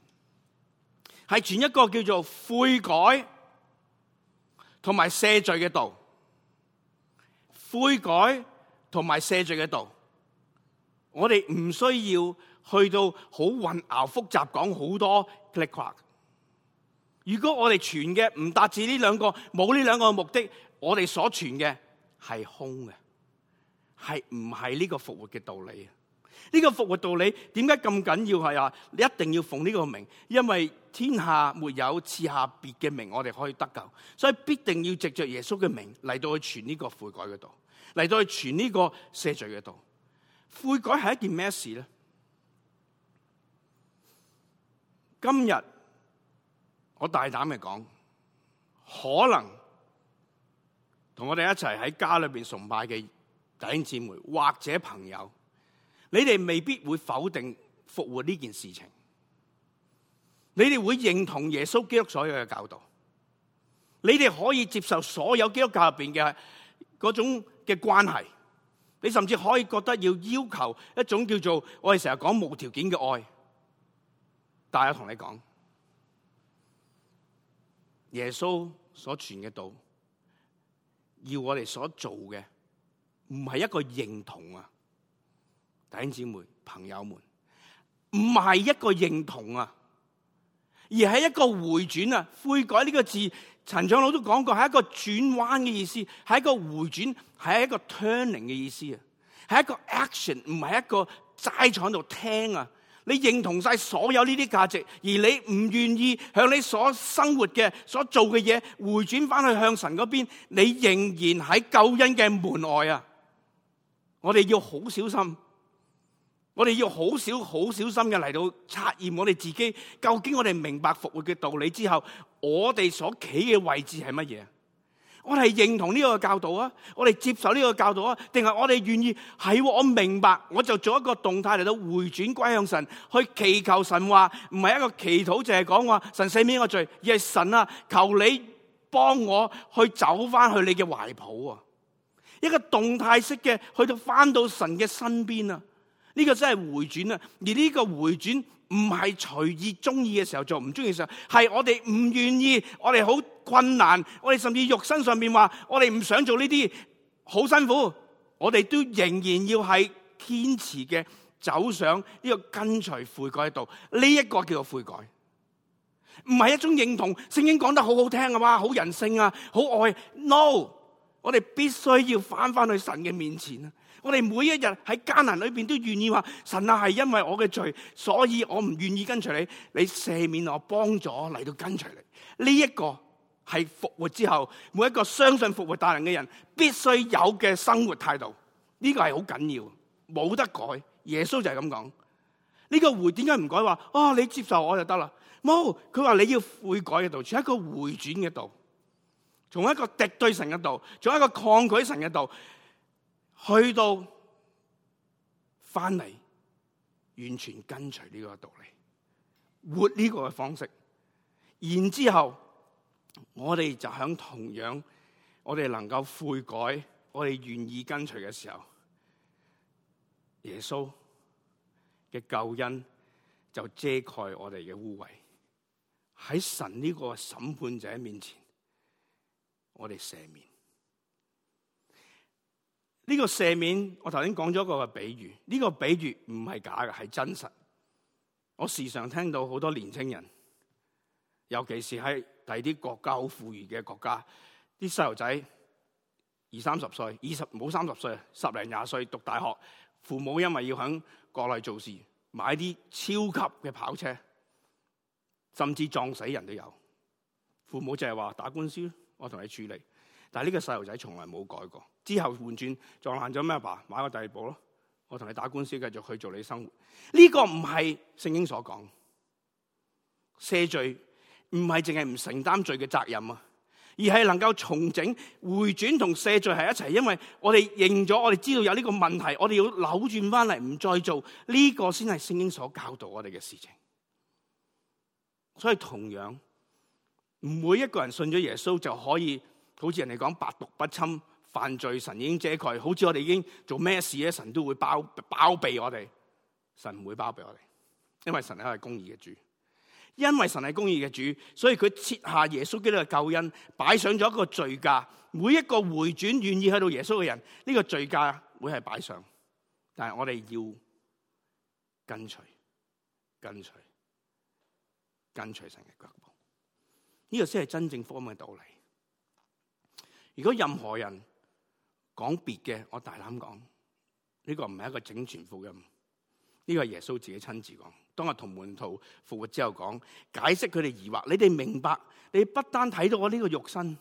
係全一個叫做悔改同埋赦罪嘅道，悔改同埋赦罪嘅道，我哋唔需要。去到好混淆複雜，講好多 click，如果我哋傳嘅唔達至呢兩個，冇呢兩個的目的，我哋所傳嘅係空嘅，係唔係呢個復活嘅道理？啊，呢個復活道理點解咁緊要係啊？係你一定要奉呢個名，因為天下沒有賜下別嘅名，我哋可以得救，所以必定要借着耶穌嘅名嚟到去傳呢個悔改嘅道，嚟到去傳呢個赦罪嘅道。悔改係一件咩事咧？今日我大膽嘅講，可能同我哋一齊喺家裏邊崇拜嘅弟兄姊妹或者朋友，你哋未必會否定復活呢件事情，你哋會認同耶穌基督所有嘅教導，你哋可以接受所有基督教入邊嘅嗰種嘅關係，你甚至可以覺得要要求一種叫做我哋成日講無條件嘅愛。大家同你講，耶穌所傳嘅道，要我哋所做嘅，唔係一個認同啊，弟兄姊妹、朋友們，唔係一個認同啊，而係一個回轉啊，悔改呢個字，陳長老都講過，係一個轉彎嘅意思，係一個回轉，係一個 turning 嘅意思啊，係一個 action，唔係一個齋坐喺度聽啊。你認同晒所有呢啲價值，而你唔願意向你所生活嘅、所做嘅嘢回轉翻去向神嗰邊，你仍然喺救恩嘅門外啊！我哋要好小心，我哋要好小好小心嘅嚟到察驗我哋自己，究竟我哋明白復活嘅道理之後，我哋所企嘅位置係乜嘢？我哋係認同呢個教導啊，我哋接受呢個教導啊，定係我哋願意係我明白，我就做一個動態嚟到回轉歸向神，去祈求神話唔係一個祈禱，就係講話神赦免我罪，而係神啊，求你幫我去走翻去你嘅懷抱啊，一個動態式嘅去到翻到神嘅身邊啊，呢個真係回轉啊，而呢個回轉唔係隨意中意嘅時候做，唔中意嘅時候係我哋唔願意，我哋好困難，我哋甚至肉身上面話，我哋唔想做呢啲好辛苦，我哋都仍然要係堅持嘅，走上呢個跟隨悔改道。呢、這、一個叫做悔改，唔係一種認同。聖經講得好好聽啊，嘛，好人性啊，好愛。No，我哋必須要翻翻去神嘅面前啊！我哋每一日喺艱難裏邊都願意話，神啊，係因為我嘅罪，所以我唔願意跟隨你。你赦免我，幫助我嚟到跟隨你。呢、這、一個。係復活之後，每一個相信復活大能嘅人，必須有嘅生活態度，呢個係好緊要，冇得改。耶穌就係咁講。呢、呢個回點解唔改話？哦，你接受我就得啦。冇，佢話你要悔改嘅度，道，一個回轉嘅度，從一個敵對神嘅道，從一個抗拒神嘅度去到翻嚟，完全跟隨呢個道理，活呢個嘅方式，然之後。我哋就響，同樣，我哋能夠悔改，我哋願意跟隨嘅時候，耶穌嘅救恩就遮蓋我哋嘅污穢。喺神呢個審判者面前，我哋赦免。呢個赦免，我頭先講咗一個比喻，呢個比喻唔係假嘅，係真實。我時常聽到好多年輕人。尤其是喺第二啲國家好富裕嘅國家，啲細路仔二三十歲、二十冇三十歲，十零廿歲讀大學，父母因為要響國內做事，買啲超級嘅跑車，甚至撞死人都有。父母就係話打官司，我同你處理。但係呢個細路仔從來冇改過。之後換轉撞爛咗咩？爸爸買個第二部咯。我同你打官司，繼續去做你生活。呢、這個唔係聖經所講赦罪。唔係淨係唔承擔罪嘅責任啊，而係能夠重整、回轉同赦罪喺一齊。因為我哋認咗，我哋知道有呢個問題，我哋要扭轉翻嚟，唔再做呢個先係聖經所教導我哋嘅事情。所以同樣，唔會一個人信咗耶穌就可以，好似人哋講百毒不侵，犯罪神已經遮蓋。好似我哋已經做咩事咧，神都會包包庇我哋。神唔會包庇我哋，因為神係公義嘅主。因為神係公義嘅主，所以佢設下耶穌基督嘅救恩，擺上咗一個罪價。每一個回轉願意去到耶穌嘅人，呢、這個罪價會係擺上。但係我哋要跟隨，跟隨，跟隨神嘅腳步。呢、這個先係真正福音嘅道理。如果任何人講別嘅，我大膽講，呢、這個唔係一個整全福音。呢、這個係耶穌自己親自講。今日同門徒復活之後，講解釋佢哋疑惑，你哋明白，你不單睇到我呢個肉身，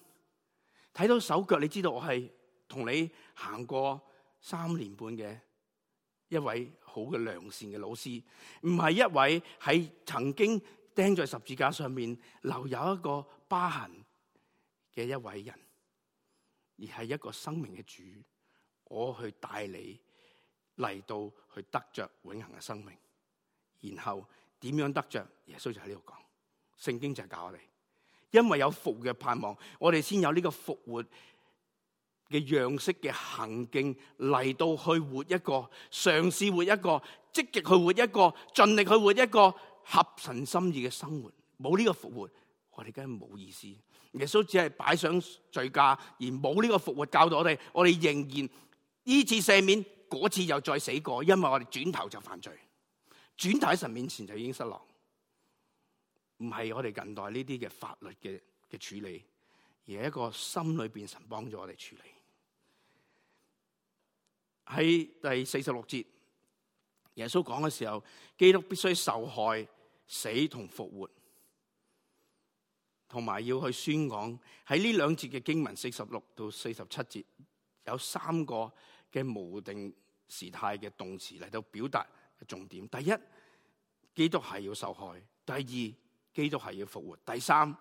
睇到手腳，你知道我係同你行過三年半嘅一位好嘅良善嘅老師，唔係一位喺曾經釘在十字架上面留有一個疤痕嘅一位人，而係一個生命嘅主，我去帶你嚟到去得着永恒嘅生命。然後點樣得着？耶穌就喺呢度講，聖經就係教我哋，因為有復活嘅盼望，我哋先有呢個復活嘅樣式嘅行徑嚟到去活一個，嘗試活一個，積極去活一個，盡力去活一個合神心意嘅生活。冇呢個復活，我哋梗係冇意思。耶穌只係擺上罪價，而冇呢個復活教到我哋，我哋仍然呢次赦免，嗰次又再死過，因為我哋轉頭就犯罪。轉睇神面前就已經失落，唔係我哋近代呢啲嘅法律嘅嘅處理，而係一個心裏邊神幫助我哋處理。喺第四十六節，耶穌講嘅時候，基督必須受害、死同復活，同埋要去宣講。喺呢兩節嘅經文四十六到四十七節，有三個嘅無定時態嘅動詞嚟到表達。重點：第一，基督係要受害；第二，基督係要復活；第三，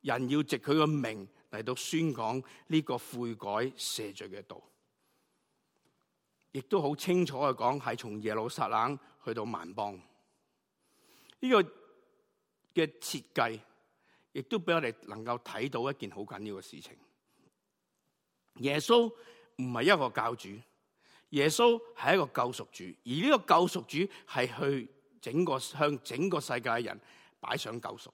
人要藉佢個名嚟到宣講呢個悔改赦罪嘅道。亦都好清楚嘅講，係從耶路撒冷去到萬邦。呢、這個嘅設計，亦都俾我哋能夠睇到一件好緊要嘅事情。耶穌唔係一個教主。耶穌係一個救贖主，而呢個救贖主係去整個向整個世界嘅人擺上救贖。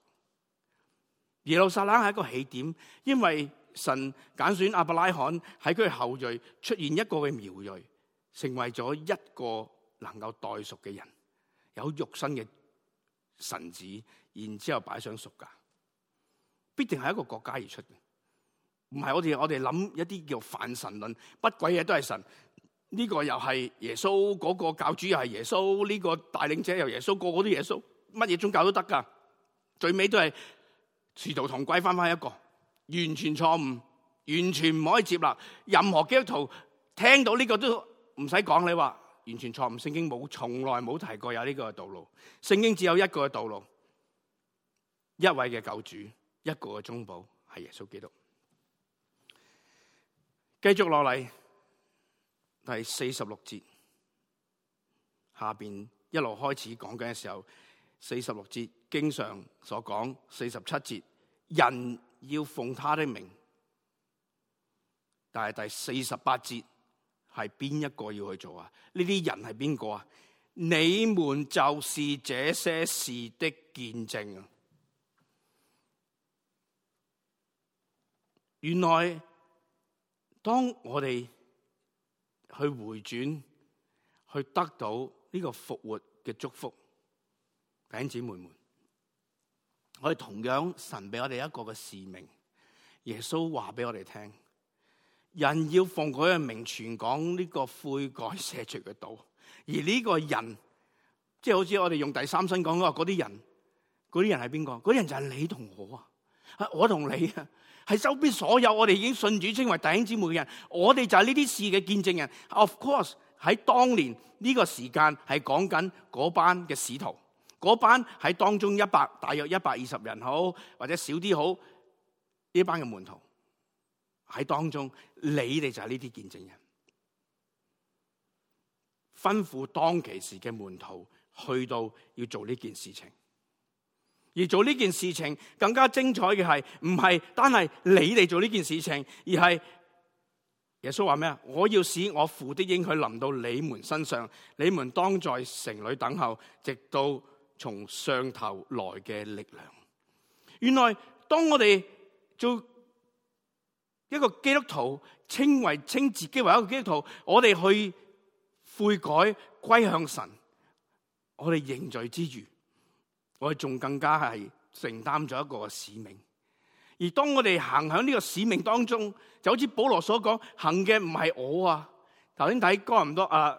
耶路撒冷係一個起點，因為神揀選亞伯拉罕喺佢後裔出現一個嘅苗裔，成為咗一個能夠代贖嘅人，有肉身嘅神子，然之後擺上贖噶，必定係一個國家而出嘅，唔係我哋我哋諗一啲叫泛神論，乜鬼嘢都係神。呢個又係耶穌，嗰個教主又係耶穌，呢個帶領者又是耶穌，個個都是耶穌，乜嘢宗教都得噶，最尾都係殊途同歸，返返一個，完全錯誤，完全唔可以接納。任何基督徒聽到呢個都唔使講，你話完全錯誤，聖經冇，從來冇提過有呢個道路，聖經只有一個嘅道路，一位嘅救主，一個嘅中保係耶穌基督。繼續落嚟。第四十六節下邊一路開始講緊嘅時候，四十六節經常所講，四十七節，人要奉他的名」。但係第四十八節係邊一個要去做啊？呢啲人係邊個啊？你們就是這些事的見證啊！原來當我哋。去回轉，去得到呢個復活嘅祝福，弟兄姊妹們，我哋同樣神俾我哋一個嘅使命。耶穌話俾我哋聽，人要奉佢嘅名傳講呢個悔改、赦罪嘅道。而呢個人，即係好似我哋用第三身講，話嗰啲人，嗰啲人係邊個？嗰啲人就係你同我啊！我同你啊，喺周邊所有我哋已經信主稱為弟兄姊妹嘅人，我哋就係呢啲事嘅見證人。Of course，喺當年呢個時間係講緊嗰班嘅使徒，嗰班喺當中一百，大約一百二十人好，或者少啲好，呢班嘅門徒喺當中，你哋就係呢啲見證人，吩咐當其時嘅門徒去到要做呢件事情。而做呢件事情更加精彩嘅係，唔係單係你哋做呢件事情，而係耶穌話咩啊？我要使我父的應許臨到你們身上，你們當在城裏等候，直到從上頭來嘅力量。原來當我哋做一個基督徒，稱為稱自己為一個基督徒，我哋去悔改歸向神，我哋認罪之餘。我哋仲更加係承擔咗一個使命，而當我哋行喺呢個使命當中，就好似保羅所講，行嘅唔係我啊。頭先睇哥林多啊，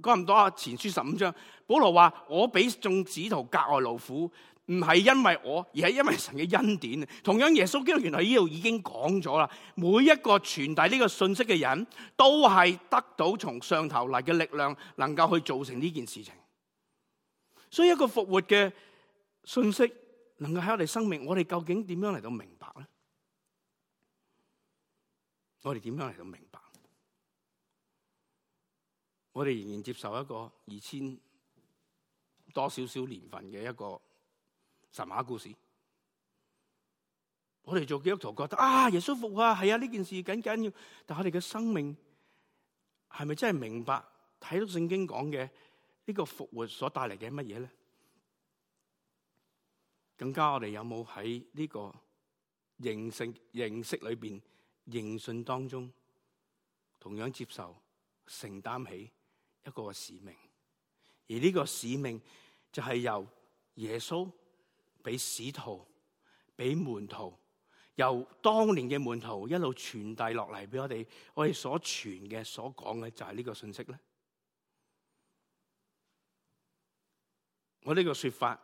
哥林多前書十五章，保羅話我比眾使徒格外勞苦，唔係因為我，而係因為神嘅恩典。同樣耶穌基督原來呢度已經講咗啦，每一個傳遞呢個信息嘅人都係得到從上頭嚟嘅力量，能夠去做成呢件事情。所以一個復活嘅，信息能夠喺我哋生命我，我哋究竟點樣嚟到明白咧？我哋點樣嚟到明白？我哋仍然接受一個二千多少少年份嘅一個神話故事。我哋做基督徒覺得啊，耶穌復活係啊呢、啊、件事緊緊要，但係我哋嘅生命係咪真係明白，睇到聖經講嘅呢、呢個復活所帶嚟嘅乜嘢咧？更加我哋有冇喺呢個形形式面認識認識裏邊認信當中，同樣接受承擔起一個使命，而呢個使命就係由耶穌俾使徒俾門徒，由當年嘅門徒一路傳遞落嚟俾我哋，我哋所傳嘅所講嘅就係呢個信息咧。我呢個說法。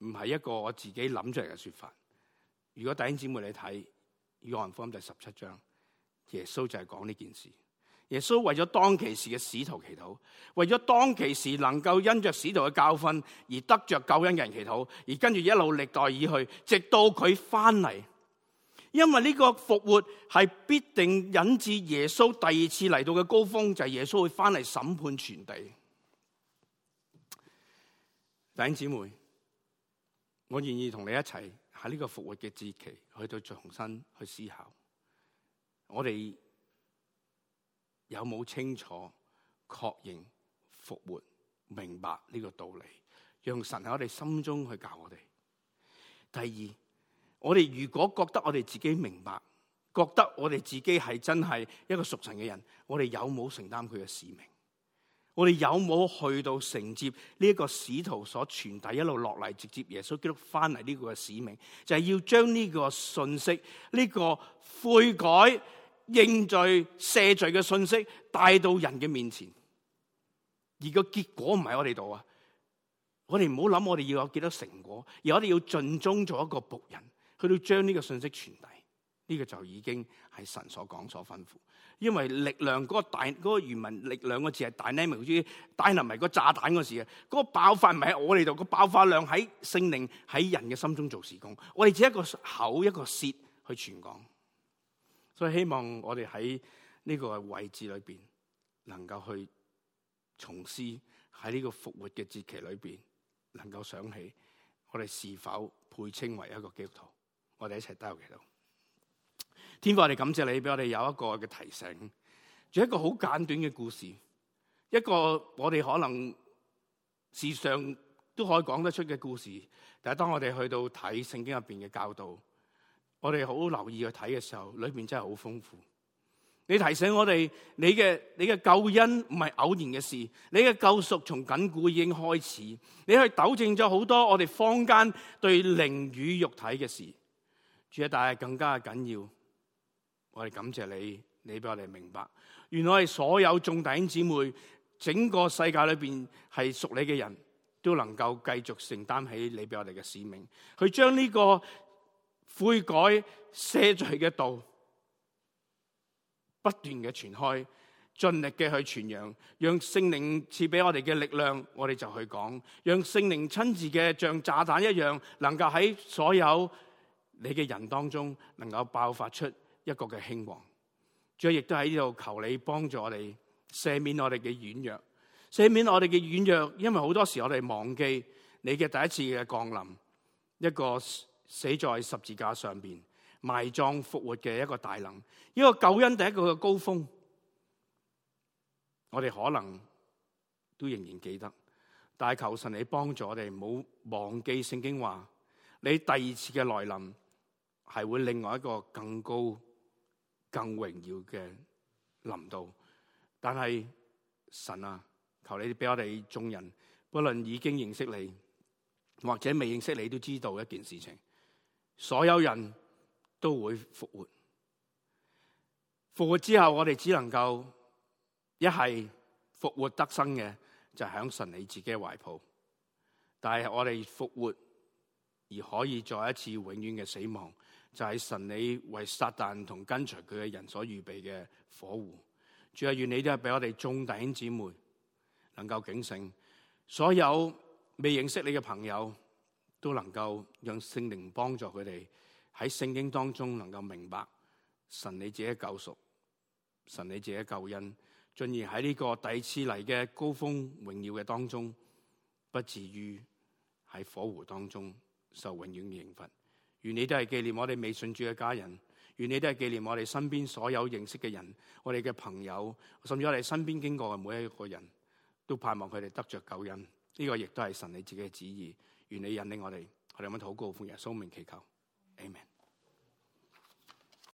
唔係一個我自己諗出嚟嘅說法。如果弟兄姊妹你睇《約翰福音》第十七章，耶穌就係講呢件事。耶穌為咗當其時嘅使徒祈禱，為咗當其時能夠因着使徒嘅教訓而得着救恩嘅人祈禱，而跟住一路歷代而去，直到佢翻嚟。因為呢個復活係必定引致耶穌第二次嚟到嘅高峰，就係耶穌會翻嚟審判全地。弟兄姊妹。我願意同你一齊喺呢個復活嘅節期去到重新去思考，我哋有冇清楚確認復活，明白呢個道理？讓神喺我哋心中去教我哋。第二，我哋如果覺得我哋自己明白，覺得我哋自己係真係一個屬神嘅人，我哋有冇承擔佢嘅使命？我哋有冇去到承接呢一個使徒所傳遞一路落嚟直接耶穌基督翻嚟呢個嘅使命，就係、是、要將呢個信息、呢、這個悔改、認罪、赦罪嘅信息帶到人嘅面前。而個結果唔係我哋度啊，我哋唔好諗我哋要有幾多成果，而我哋要盡忠做一個僕人，去到將呢個信息傳達。呢個就已經係神所講所吩咐，因為力量嗰、那個大嗰、那個原文力量、那個字係 dynamic，dynamic 個炸彈個事啊，嗰、那個爆發唔係喺我哋度，那個爆發量喺聖靈喺人嘅心中做事工，我哋只一個口一個舌去傳講，所以希望我哋喺呢個位置裏邊能夠去重思喺呢個復活嘅節期裏邊能夠想起我哋是否配稱為一個基督徒，我哋一齊加入祈禱。天父，我哋感謝你，俾我哋有一個嘅提醒，仲有一個好簡短嘅故事，一個我哋可能時常都可以講得出嘅故事。但係當我哋去到睇聖經入面嘅教導，我哋好留意去睇嘅時候，裏面真係好豐富。你提醒我哋，你嘅你嘅救恩唔係偶然嘅事，你嘅救贖從緊固已經開始，你去糾正咗好多我哋坊間對靈與肉體嘅事。住一但係更加緊要。我哋感謝你，你俾我哋明白，原來係所有眾弟兄姊妹，整個世界裏邊係屬你嘅人都能夠繼續承擔起你俾我哋嘅使命，去將呢個悔改赦罪嘅道不斷嘅傳開，盡力嘅去傳揚，讓聖靈賜俾我哋嘅力量，我哋就去講，讓聖靈親自嘅像炸彈一樣，能夠喺所有你嘅人當中能夠爆發出。一個嘅興旺，最後，亦都喺呢度求你幫助我哋，赦免我哋嘅軟弱，赦免我哋嘅軟弱。因為好多時候我哋忘記你嘅第一次嘅降臨，一個死在十字架上邊埋葬復活嘅一個大能，一個救恩第一個嘅高峰。我哋可能都仍然記得，但係求神你幫助我哋，唔好忘記聖經話你第二次嘅來臨係會另外一個更高，更榮耀嘅臨到，但係神啊，求你俾我哋眾人，不論已經認識你或者未認識你，都知道一件事情，所有人都會復活。復活之後，我哋只能夠一係復活得生嘅，就喺神你自己嘅懷抱；但係我哋復活而可以再一次永遠嘅死亡。就係神你為撒旦同跟隨佢嘅人所預備嘅火湖，主啊，願你都係俾我哋眾弟兄姊妹能夠警醒，所有未認識你嘅朋友都能夠讓聖靈幫助佢哋喺聖經當中能夠明白神你自己救贖、神你自己救恩，進而喺呢個第二次嚟嘅高峰榮耀嘅當中，不至於喺火湖當中受永遠嘅刑罰。願你都係紀念我哋未信主嘅家人，願你都係紀念我哋身邊所有認識嘅人，我哋嘅朋友，甚至我哋身邊經過嘅每一個人，都盼望佢哋得着救恩。呢、這個亦都係神你自己嘅旨意，願你引領我哋，我哋有冇禱告奉耶穌名祈求，amen。